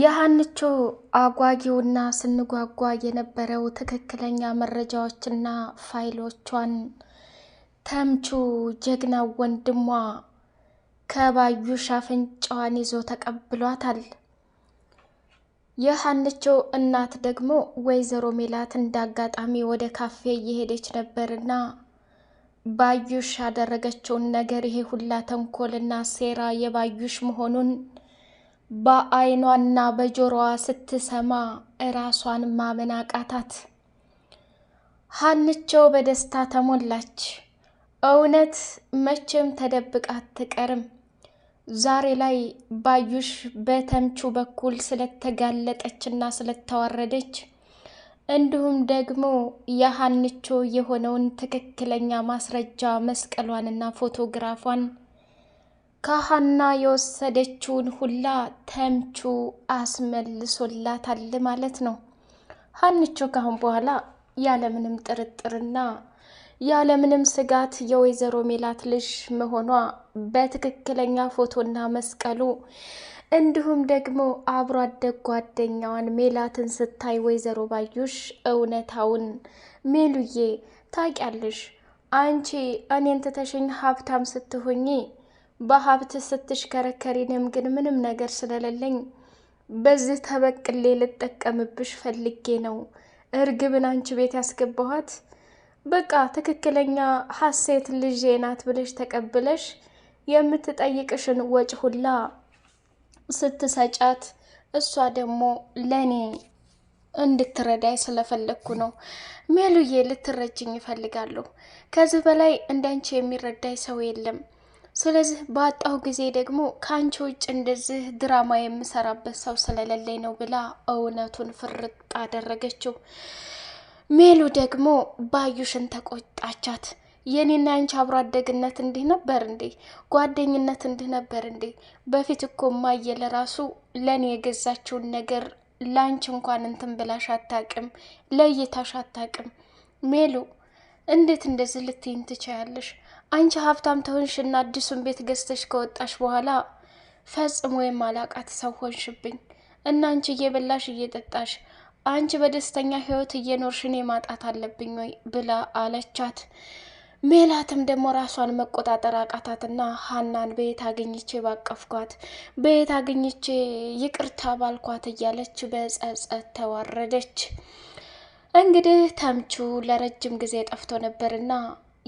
የሀንቾ አጓጊውና ስንጓጓ የነበረው ትክክለኛ መረጃዎችና ፋይሎቿን ተምቹ ጀግናው ወንድሟ ከባዩሽ አፍንጫዋን ይዞ ተቀብሏታል። የሀንቾ እናት ደግሞ ወይዘሮ ሜላት እንዳጋጣሚ ወደ ካፌ እየሄደች ነበርና ባዩሽ ያደረገችውን ነገር ይሄ ሁላ ተንኮልና ሴራ የባዩሽ መሆኑን በአይኗና በጆሮዋ ስትሰማ እራሷን ማመን አቃታት። ሀንቸው በደስታ ተሞላች። እውነት መቼም ተደብቃ አትቀርም። ዛሬ ላይ ባዩሽ በተምቹ በኩል ስለተጋለጠችና ስለተዋረደች እንዲሁም ደግሞ የሀንቾ የሆነውን ትክክለኛ ማስረጃ መስቀሏንና ፎቶግራፏን ከሀና የወሰደችውን ሁላ ተምቹ አስመልሶላታል ማለት ነው። ሀንቾ ካሁን በኋላ ያለምንም ጥርጥርና ያለምንም ስጋት የወይዘሮ ሜላት ልጅ መሆኗ በትክክለኛ ፎቶና መስቀሉ እንዲሁም ደግሞ አብሮ አደግ ጓደኛዋን ሜላትን ስታይ ወይዘሮ ባዩሽ እውነታውን ሜሉዬ ታውቂያለሽ፣ አንቺ እኔን ትተሽኝ ሀብታም ስትሆኚ በሀብት ስትሽከረከሪንም ግን ምንም ነገር ስለሌለኝ በዚህ ተበቅሌ ልጠቀምብሽ ፈልጌ ነው እርግብን አንቺ ቤት ያስገባኋት። በቃ ትክክለኛ ሀሴት ልጄ ናት ብለሽ ተቀብለሽ የምትጠይቅሽን ወጪ ሁላ ስትሰጫት እሷ ደግሞ ለእኔ እንድትረዳይ ስለፈለግኩ ነው። ሜሉዬ ልትረጅኝ ይፈልጋለሁ። ከዚህ በላይ እንዳንቺ የሚረዳይ ሰው የለም። ስለዚህ ባጣው ጊዜ ደግሞ ከአንቺ ውጭ እንደዚህ ድራማ የምሰራበት ሰው ስለሌለኝ ነው ብላ እውነቱን ፍርጥ አደረገችው። ሜሉ ደግሞ ባዩሽን ተቆጣቻት። የኔና አንቺ አብሮ አደግነት እንዲህ ነበር እንዴ? ጓደኝነት እንዲህ ነበር እንዴ? በፊት እኮ ማየ ለራሱ ለእኔ የገዛችውን ነገር ለአንቺ እንኳን እንትን ብላሽ አታቅም፣ ለእይታሽ አታቅም ሜሉ እንዴት እንደዚህ ልትይኝ ትችያለሽ? አንቺ ሀብታም ተሆንሽ እና አዲሱን ቤት ገዝተሽ ከወጣሽ በኋላ ፈጽሞ የማላቃት ሰው ሆንሽብኝ እና አንቺ እየበላሽ እየጠጣሽ አንቺ በደስተኛ ህይወት እየኖርሽኔ ማጣት አለብኝ ወይ ብላ አለቻት። ሜላትም ደግሞ ራሷን መቆጣጠር አቃታትና ሀናን በየት አገኝቼ ባቀፍኳት፣ በየት አገኝቼ ይቅርታ ባልኳት እያለች በጸጸት ተዋረደች። እንግዲህ ተምቹ ለረጅም ጊዜ ጠፍቶ ነበርና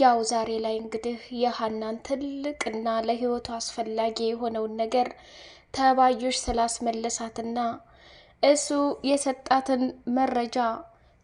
ያው ዛሬ ላይ እንግዲህ የሀናን ትልቅና ለህይወቱ አስፈላጊ የሆነውን ነገር ተባዮሽ ስላስመለሳትና እሱ የሰጣትን መረጃ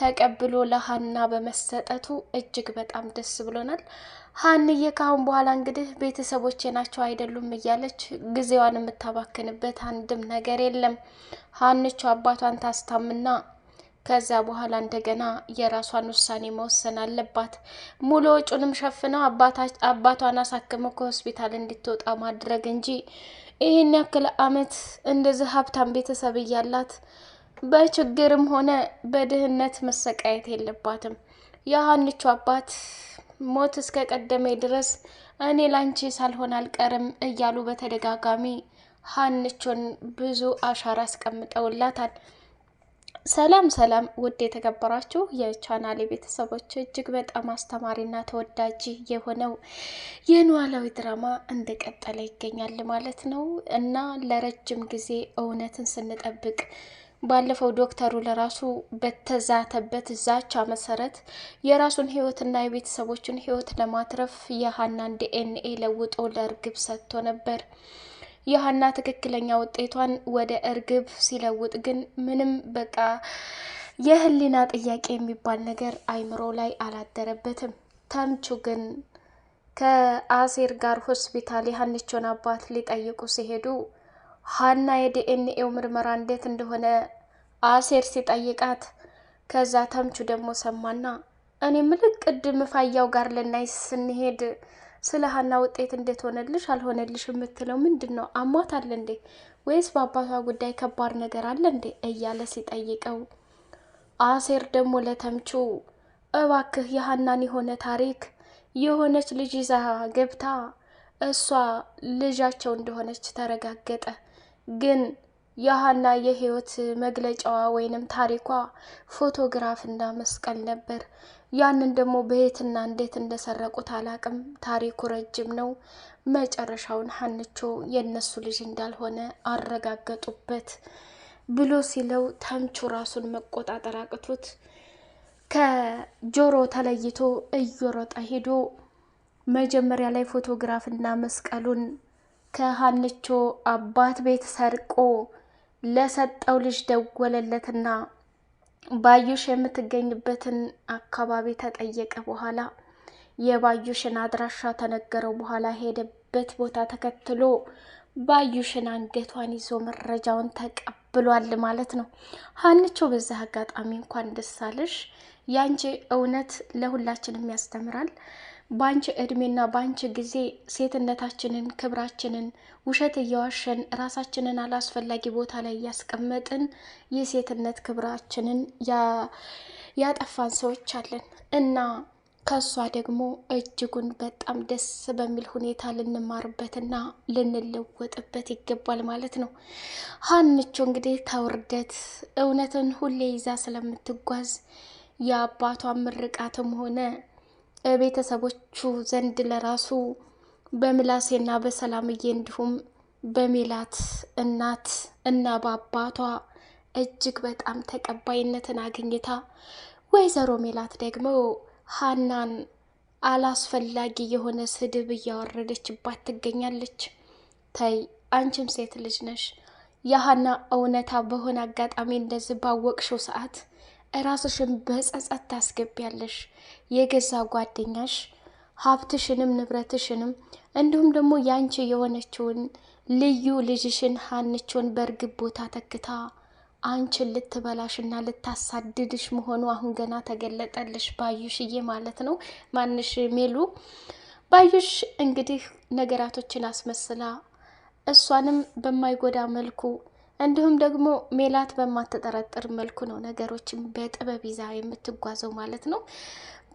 ተቀብሎ ለሀና በመሰጠቱ እጅግ በጣም ደስ ብሎናል። ሀንዬ ካሁን በኋላ እንግዲህ ቤተሰቦቼ ናቸው አይደሉም እያለች ጊዜዋን የምታባክንበት አንድም ነገር የለም። ሀንቹ አባቷን ታስታምና ከዛ በኋላ እንደገና የራሷን ውሳኔ መወሰን አለባት። ሙሉ ወጪውንም ሸፍነው አባቷን አሳክመው ከሆስፒታል እንድትወጣ ማድረግ እንጂ ይህን ያክል አመት እንደዚህ ሀብታም ቤተሰብ እያላት በችግርም ሆነ በድህነት መሰቃየት የለባትም። የሀንቹ አባት ሞት እስከ ቀደሜ ድረስ እኔ ላንቺ ሳልሆን አልቀርም እያሉ በተደጋጋሚ ሀንቹን ብዙ አሻራ አስቀምጠውላታል። ሰላም ሰላም ውድ የተከበራችሁ የቻናሌ ቤተሰቦች እጅግ በጣም አስተማሪና ተወዳጅ የሆነው የኖላዊ ድራማ እንደቀጠለ ይገኛል ማለት ነው እና ለረጅም ጊዜ እውነትን ስንጠብቅ ባለፈው ዶክተሩ ለራሱ በተዛተበት ዛቻ መሰረት የራሱን ህይወትና የቤተሰቦችን ህይወት ለማትረፍ የሀናን ዲኤንኤ ለውጦ ለእርግብ ሰጥቶ ነበር። የሀና ትክክለኛ ውጤቷን ወደ እርግብ ሲለውጥ ግን ምንም በቃ የህሊና ጥያቄ የሚባል ነገር አይምሮ ላይ አላደረበትም። ተምቹ ግን ከአሴር ጋር ሆስፒታል የሀንቾን አባት ሊጠይቁ ሲሄዱ ሀና የዲኤንኤው ምርመራ እንዴት እንደሆነ አሴር ሲጠይቃት ከዛ ተምቹ ደግሞ ሰማና እኔ ምልቅ ቅድም ፋያው ጋር ልናይ ስንሄድ ስለ ሀና ውጤት እንዴት ሆነልሽ አልሆነልሽ የምትለው ምንድን ነው? አለ እንዴ ወይስ በአባቷ ጉዳይ ከባድ ነገር አለ እንዴ እያለ ሲጠይቀው፣ አሴር ደግሞ ለተምቹ እባክህ የሀናን የሆነ ታሪክ የሆነች ልጅ ይዛ ገብታ እሷ ልጃቸው እንደሆነች ተረጋገጠ ግን የሀና የህይወት መግለጫዋ ወይንም ታሪኳ ፎቶግራፍና መስቀል ነበር። ያንን ደግሞ በየትና እንዴት እንደሰረቁት አላቅም። ታሪኩ ረጅም ነው። መጨረሻውን ሀንቾ የእነሱ ልጅ እንዳልሆነ አረጋገጡበት ብሎ ሲለው ተምቹ ራሱን መቆጣጠር አቅቶት ከጆሮ ተለይቶ እየሮጠ ሄዶ መጀመሪያ ላይ ፎቶግራፍና መስቀሉን ከሀንቾ አባት ቤት ሰርቆ ለሰጠው ልጅ ደወለለትና ባዩሽ የምትገኝበትን አካባቢ ተጠየቀ በኋላ የባዩሽን አድራሻ ተነገረው በኋላ ሄደበት ቦታ ተከትሎ ባዩሽን አንገቷን ይዞ መረጃውን ተቀብሏል ማለት ነው። ሀንቾ በዛ አጋጣሚ እንኳን ደስ አለሽ። ያንቺ እውነት ለሁላችንም ያስተምራል። ባንቺ እድሜና ባንቺ ጊዜ ሴትነታችንን፣ ክብራችንን ውሸት እየዋሸን ራሳችንን አላስፈላጊ ቦታ ላይ እያስቀመጥን የሴትነት ክብራችንን ያጠፋን ሰዎች አለን እና ከእሷ ደግሞ እጅጉን በጣም ደስ በሚል ሁኔታ ልንማርበትና ልንለወጥበት ይገባል ማለት ነው። ሀንቾ እንግዲህ ተውርደት እውነትን ሁሌ ይዛ ስለምትጓዝ የአባቷ ምርቃትም ሆነ ቤተሰቦቹ ዘንድ ለራሱ በምላሴና በሰላምዬ እንዲሁም በሜላት እናት እና በአባቷ እጅግ በጣም ተቀባይነትን አግኝታ ወይዘሮ ሜላት ደግሞ ሀናን አላስፈላጊ የሆነ ስድብ እያወረደችባት ትገኛለች። ተይ አንቺም ሴት ልጅ ነሽ። የሀና እውነታ በሆነ አጋጣሚ እንደዚህ ባወቅሽው ሰዓት ራስሽን በጸጸት ታስገቢያለሽ። የገዛ ጓደኛሽ ሀብትሽንም ንብረትሽንም እንዲሁም ደግሞ ያንቺ የሆነችውን ልዩ ልጅሽን ሀንችውን በእርግብ ቦታ ተክታ አንቺን ልትበላሽና ልታሳድድሽ መሆኑ አሁን ገና ተገለጠልሽ፣ ባዩሽዬ ማለት ነው። ማንሽ ሜሉ ባዩሽ እንግዲህ ነገራቶችን አስመስላ እሷንም በማይጎዳ መልኩ እንዲሁም ደግሞ ሜላት በማትጠረጥር መልኩ ነው ነገሮችን በጥበብ ይዛ የምትጓዘው ማለት ነው።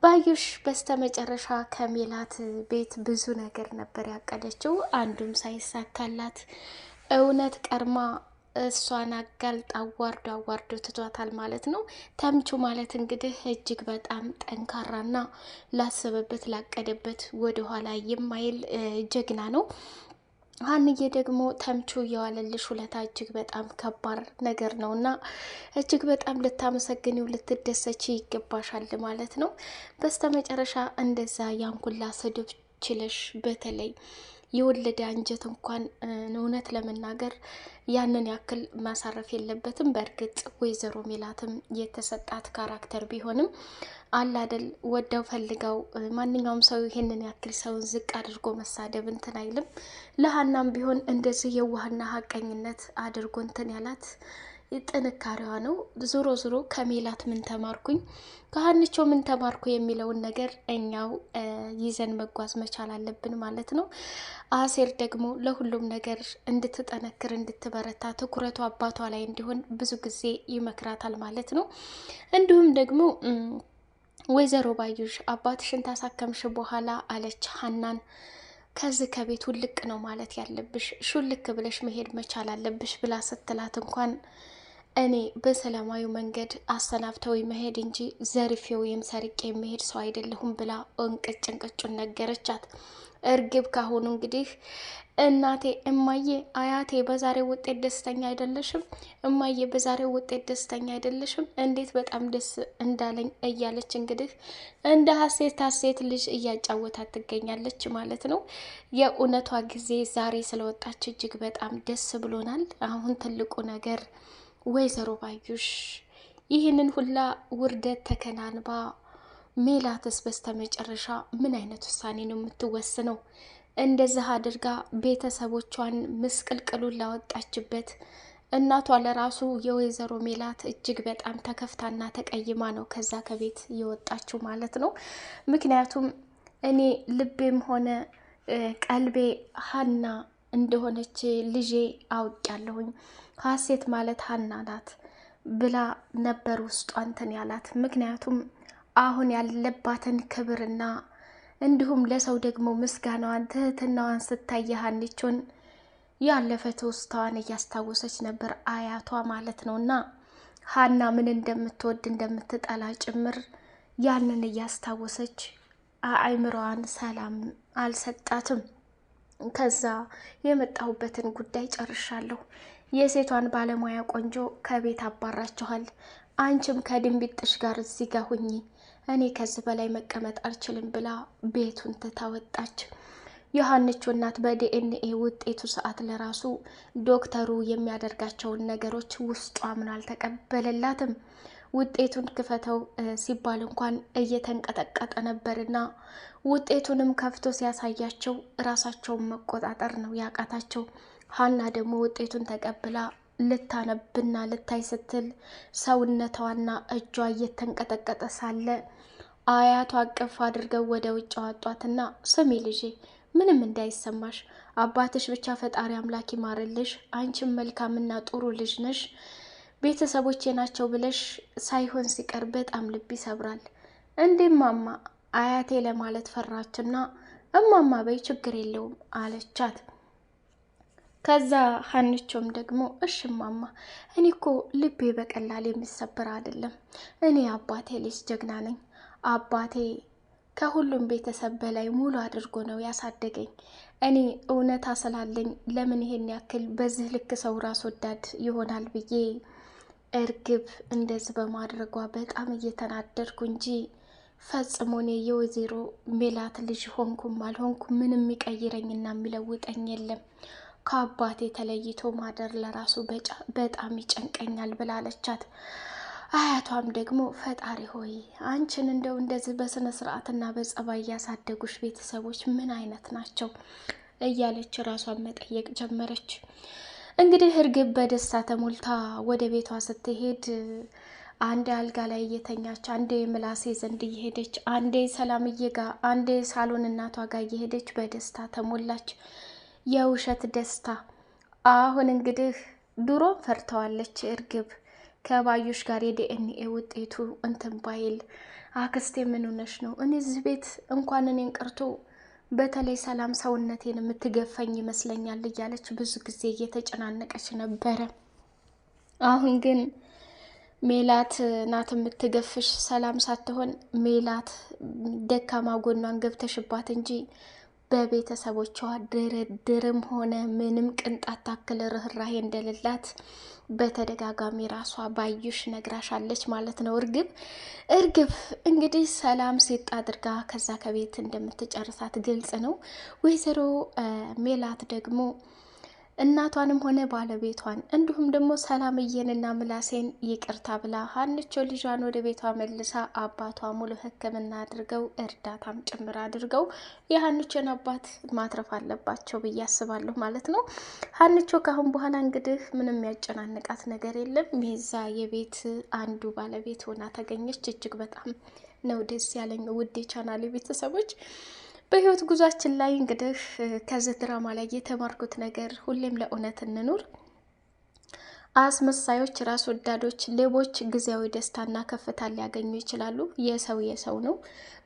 ባዩሽ በስተመጨረሻ ከሜላት ቤት ብዙ ነገር ነበር ያቀደችው። አንዱም ሳይሳካላት እውነት ቀርማ እሷን አጋልጥ አዋርዶ አዋርዶ ትቷታል ማለት ነው። ተምቹ ማለት እንግዲህ እጅግ በጣም ጠንካራና ላሰበበት ላቀደበት ወደኋላ የማይል ጀግና ነው። ሀንዬ ደግሞ ተምቹ እየዋለልሽ ውለታ እጅግ በጣም ከባድ ነገር ነው እና እጅግ በጣም ልታመሰግኒው ልትደሰች ይገባሻል ማለት ነው። በስተመጨረሻ እንደዛ ያንኩላ ስድብ ችለሽ በተለይ የወለደ አንጀት እንኳን እውነት ለመናገር ያንን ያክል ማሳረፍ የለበትም። በእርግጥ ወይዘሮ ሜላትም የተሰጣት ካራክተር ቢሆንም አላደል ወደው ፈልገው ማንኛውም ሰው ይሄንን ያክል ሰውን ዝቅ አድርጎ መሳደብ እንትን አይልም። ለሀናም ቢሆን እንደዚህ የዋህና ሀቀኝነት አድርጎ እንትን ያላት ጥንካሬዋ ነው። ዞሮ ዞሮ ከሜላት ምን ተማርኩኝ፣ ከሀንቾ ምን ተማርኩ የሚለውን ነገር እኛው ይዘን መጓዝ መቻል አለብን ማለት ነው። አሴር ደግሞ ለሁሉም ነገር እንድትጠነክር እንድትበረታ፣ ትኩረቱ አባቷ ላይ እንዲሆን ብዙ ጊዜ ይመክራታል ማለት ነው። እንዲሁም ደግሞ ወይዘሮ ባዩሽ አባትሽን ታሳከምሽ በኋላ አለች ሀናን ከዚህ ከቤት ውልቅ ነው ማለት ያለብሽ፣ ሹልክ ብለሽ መሄድ መቻል አለብሽ ብላ ስትላት እንኳን እኔ በሰላማዊ መንገድ አሰናብተው መሄድ እንጂ ዘርፌ ወይም ሰርቄ የመሄድ ሰው አይደለሁም ብላ እንቅጭ እንቅጩን ነገረቻት። እርግብ ካሁኑ እንግዲህ እናቴ እማዬ፣ አያቴ በዛሬ ውጤት ደስተኛ አይደለሽም? እማዬ በዛሬ ውጤት ደስተኛ አይደለሽም? እንዴት በጣም ደስ እንዳለኝ እያለች እንግዲህ እንደ ሀሴት ሀሴት ልጅ እያጫወታት ትገኛለች ማለት ነው። የእውነቷ ጊዜ ዛሬ ስለወጣች እጅግ በጣም ደስ ብሎናል። አሁን ትልቁ ነገር ወይዘሮ ባዩሽ ይህንን ሁላ ውርደት ተከናንባ ሜላትስ በስተ መጨረሻ ምን አይነት ውሳኔ ነው የምትወስነው? እንደዚህ አድርጋ ቤተሰቦቿን ምስቅልቅሉን ላወጣችበት እናቷ ለራሱ የወይዘሮ ሜላት እጅግ በጣም ተከፍታና ተቀይማ ነው ከዛ ከቤት የወጣችው ማለት ነው። ምክንያቱም እኔ ልቤም ሆነ ቀልቤ ሀና እንደሆነች ልጄ አውቄያለሁኝ ሀሴት ማለት ሀና ናት ብላ ነበር ውስጧ እንትን ያላት። ምክንያቱም አሁን ያለባትን ክብርና እንዲሁም ለሰው ደግሞ ምስጋናዋን ትህትናዋን ስታይ ሀኒቾን ያለፈ ትውስታዋን እያስታወሰች ነበር፣ አያቷ ማለት ነው። እና ሀና ምን እንደምትወድ እንደምትጠላ ጭምር ያንን እያስታወሰች አእምሮዋን ሰላም አልሰጣትም። ከዛ የመጣሁበትን ጉዳይ ጨርሻለሁ። የሴቷን ባለሙያ ቆንጆ ከቤት አባራችኋል። አንቺም ከድንቢጥሽ ጋር እዚህ ጋር ሁኚ፣ እኔ ከዚህ በላይ መቀመጥ አልችልም ብላ ቤቱን ትታ ወጣች። እናት በዲኤንኤ ውጤቱ ሰዓት ለራሱ ዶክተሩ የሚያደርጋቸውን ነገሮች ውስጧ ምን አልተቀበለላትም። ውጤቱን ክፈተው ሲባል እንኳን እየተንቀጠቀጠ ነበርና ውጤቱንም ከፍቶ ሲያሳያቸው ራሳቸውን መቆጣጠር ነው ያቃታቸው። ሀና ደግሞ ውጤቱን ተቀብላ ልታነብና ልታይ ስትል ሰውነቷና እጇ እየተንቀጠቀጠ ሳለ አያቷ አቅፍ አድርገው ወደ ውጭ አወጧትና ስሚ ልጄ ምንም እንዳይሰማሽ አባትሽ ብቻ ፈጣሪ አምላክ ይማርልሽ። አንቺም መልካምና ጥሩ ልጅ ነሽ። ቤተሰቦቼ ናቸው ብለሽ ሳይሆን ሲቀር በጣም ልብ ይሰብራል። እንዴ እማማ አያቴ ለማለት ፈራችና እማማ በይ ችግር የለውም አለቻት። ከዛ ሀንቾም ደግሞ እሽ እማማ እኔ እኮ ልቤ በቀላል የሚሰብር አይደለም። እኔ አባቴ ልጅ ጀግና ነኝ። አባቴ ከሁሉም ቤተሰብ በላይ ሙሉ አድርጎ ነው ያሳደገኝ። እኔ እውነታ ስላለኝ ለምን ይሄን ያክል በዚህ ልክ ሰው ራስ ወዳድ ይሆናል ብዬ እርግብ እንደዚህ በማድረጓ በጣም እየተናደድኩ እንጂ ፈጽሞ እኔ የወይዘሮ ሜላት ልጅ ሆንኩም አልሆንኩ ምንም የሚቀይረኝና የሚለውጠኝ የለም። ከአባቴ ተለይቶ ማደር ለራሱ በጣም ይጨንቀኛል ብላለቻት። አያቷም ደግሞ ፈጣሪ ሆይ አንቺን እንደው እንደዚህ በስነ ስርዓትና በጸባይ ያሳደጉሽ ቤተሰቦች ምን አይነት ናቸው እያለች ራሷን መጠየቅ ጀመረች። እንግዲህ እርግብ በደስታ ተሞልታ ወደ ቤቷ ስትሄድ አንዴ አልጋ ላይ እየተኛች፣ አንዴ ምላሴ ዘንድ እየሄደች፣ አንዴ ሰላምዬ ጋር፣ አንዴ ሳሎን እናቷ ጋር እየሄደች በደስታ ተሞላች። የውሸት ደስታ። አሁን እንግዲህ ድሮም ፈርተዋለች እርግብ ከባዮሽ ጋር የዲኤንኤ ውጤቱ እንትን ባይል አክስቴ ምን ሆነሽ ነው? እኔ እዚህ ቤት እንኳን እኔን ቀርቶ በተለይ ሰላም ሰውነቴን የምትገፈኝ ይመስለኛል እያለች ብዙ ጊዜ እየተጨናነቀች ነበረ። አሁን ግን ሜላት ናት የምትገፍሽ፣ ሰላም ሳትሆን ሜላት ደካማ ጎኗን ገብተሽባት እንጂ በቤተሰቦቿ ድርድርም ሆነ ምንም ቅንጣት ታክል ርኅራሄ እንደሌላት በተደጋጋሚ ራሷ ባዩሽ ነግራሻለች ማለት ነው። እርግብ እርግብ እንግዲህ ሰላም ሴት አድርጋ ከዛ ከቤት እንደምትጨርሳት ግልጽ ነው። ወይዘሮ ሜላት ደግሞ እናቷንም ሆነ ባለቤቷን እንዲሁም ደግሞ ሰላምዬንና ምላሴን ይቅርታ ብላ ሀንቾ ልጇን ወደ ቤቷ መልሳ አባቷ ሙሉ ሕክምና አድርገው እርዳታም ጭምር አድርገው የሀንቾን አባት ማትረፍ አለባቸው ብዬ አስባለሁ ማለት ነው። ሀንቾ ካሁን በኋላ እንግዲህ ምንም ያጨናንቃት ነገር የለም። የዛ የቤት አንዱ ባለቤት ሆና ተገኘች። እጅግ በጣም ነው ደስ ያለኝ ውድ የቻናሌ ቤተሰቦች። በህይወት ጉዟችን ላይ እንግዲህ ከዚህ ድራማ ላይ የተማርኩት ነገር ሁሌም ለእውነት እንኑር አስመሳዮች፣ ራስ ወዳዶች፣ ሌቦች ጊዜያዊ ደስታና ከፍታ ሊያገኙ ይችላሉ። የሰው የሰው ነው።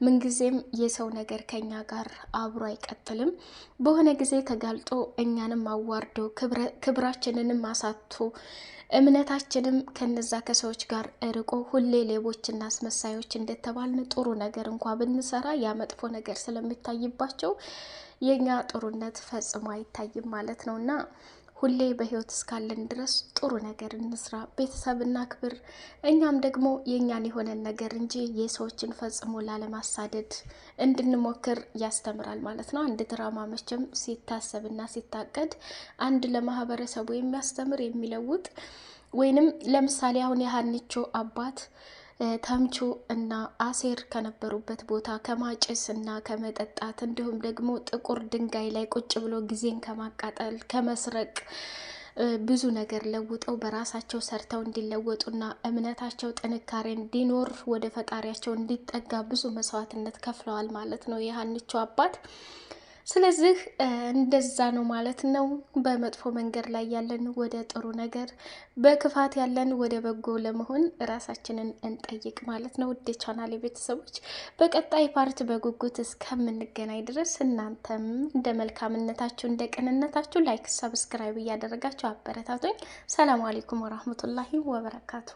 ምንጊዜም የሰው ነገር ከኛ ጋር አብሮ አይቀጥልም። በሆነ ጊዜ ተጋልጦ እኛንም አዋርዶ ክብራችንንም አሳቶ እምነታችንም ከነዛ ከሰዎች ጋር ርቆ ሁሌ ሌቦችና አስመሳዮች እንደተባልን ጥሩ ነገር እንኳ ብንሰራ ያ መጥፎ ነገር ስለሚታይባቸው የእኛ ጥሩነት ፈጽሞ አይታይም ማለት ነው እና ሁሌ በህይወት እስካለን ድረስ ጥሩ ነገር እንስራ፣ ቤተሰብና ክብር እኛም ደግሞ የእኛን የሆነን ነገር እንጂ የሰዎችን ፈጽሞ ላለማሳደድ እንድንሞክር ያስተምራል ማለት ነው። አንድ ድራማ መቼም ሲታሰብና ሲታቀድ አንድ ለማህበረሰቡ የሚያስተምር የሚለውጥ ወይንም ለምሳሌ አሁን የሀኒቾ አባት ተምቹ እና አሴር ከነበሩበት ቦታ ከማጨስ እና ከመጠጣት እንዲሁም ደግሞ ጥቁር ድንጋይ ላይ ቁጭ ብሎ ጊዜን ከማቃጠል ከመስረቅ ብዙ ነገር ለውጠው በራሳቸው ሰርተው እንዲለወጡና እምነታቸው ጥንካሬ እንዲኖር ወደ ፈጣሪያቸው እንዲጠጋ ብዙ መስዋዕትነት ከፍለዋል ማለት ነው የሀንቹ አባት። ስለዚህ እንደዛ ነው ማለት ነው። በመጥፎ መንገድ ላይ ያለን ወደ ጥሩ ነገር፣ በክፋት ያለን ወደ በጎ ለመሆን ራሳችንን እንጠይቅ ማለት ነው። ውድ ቻናሌ ቤተሰቦች በቀጣይ ፓርት በጉጉት እስከምንገናኝ ድረስ እናንተም እንደ መልካምነታችሁ እንደ ቅንነታችሁ ላይክ፣ ሰብስክራይብ እያደረጋችሁ አበረታቶኝ። ሰላም አሌይኩም ወራህመቱላሂ ወበረካቱ።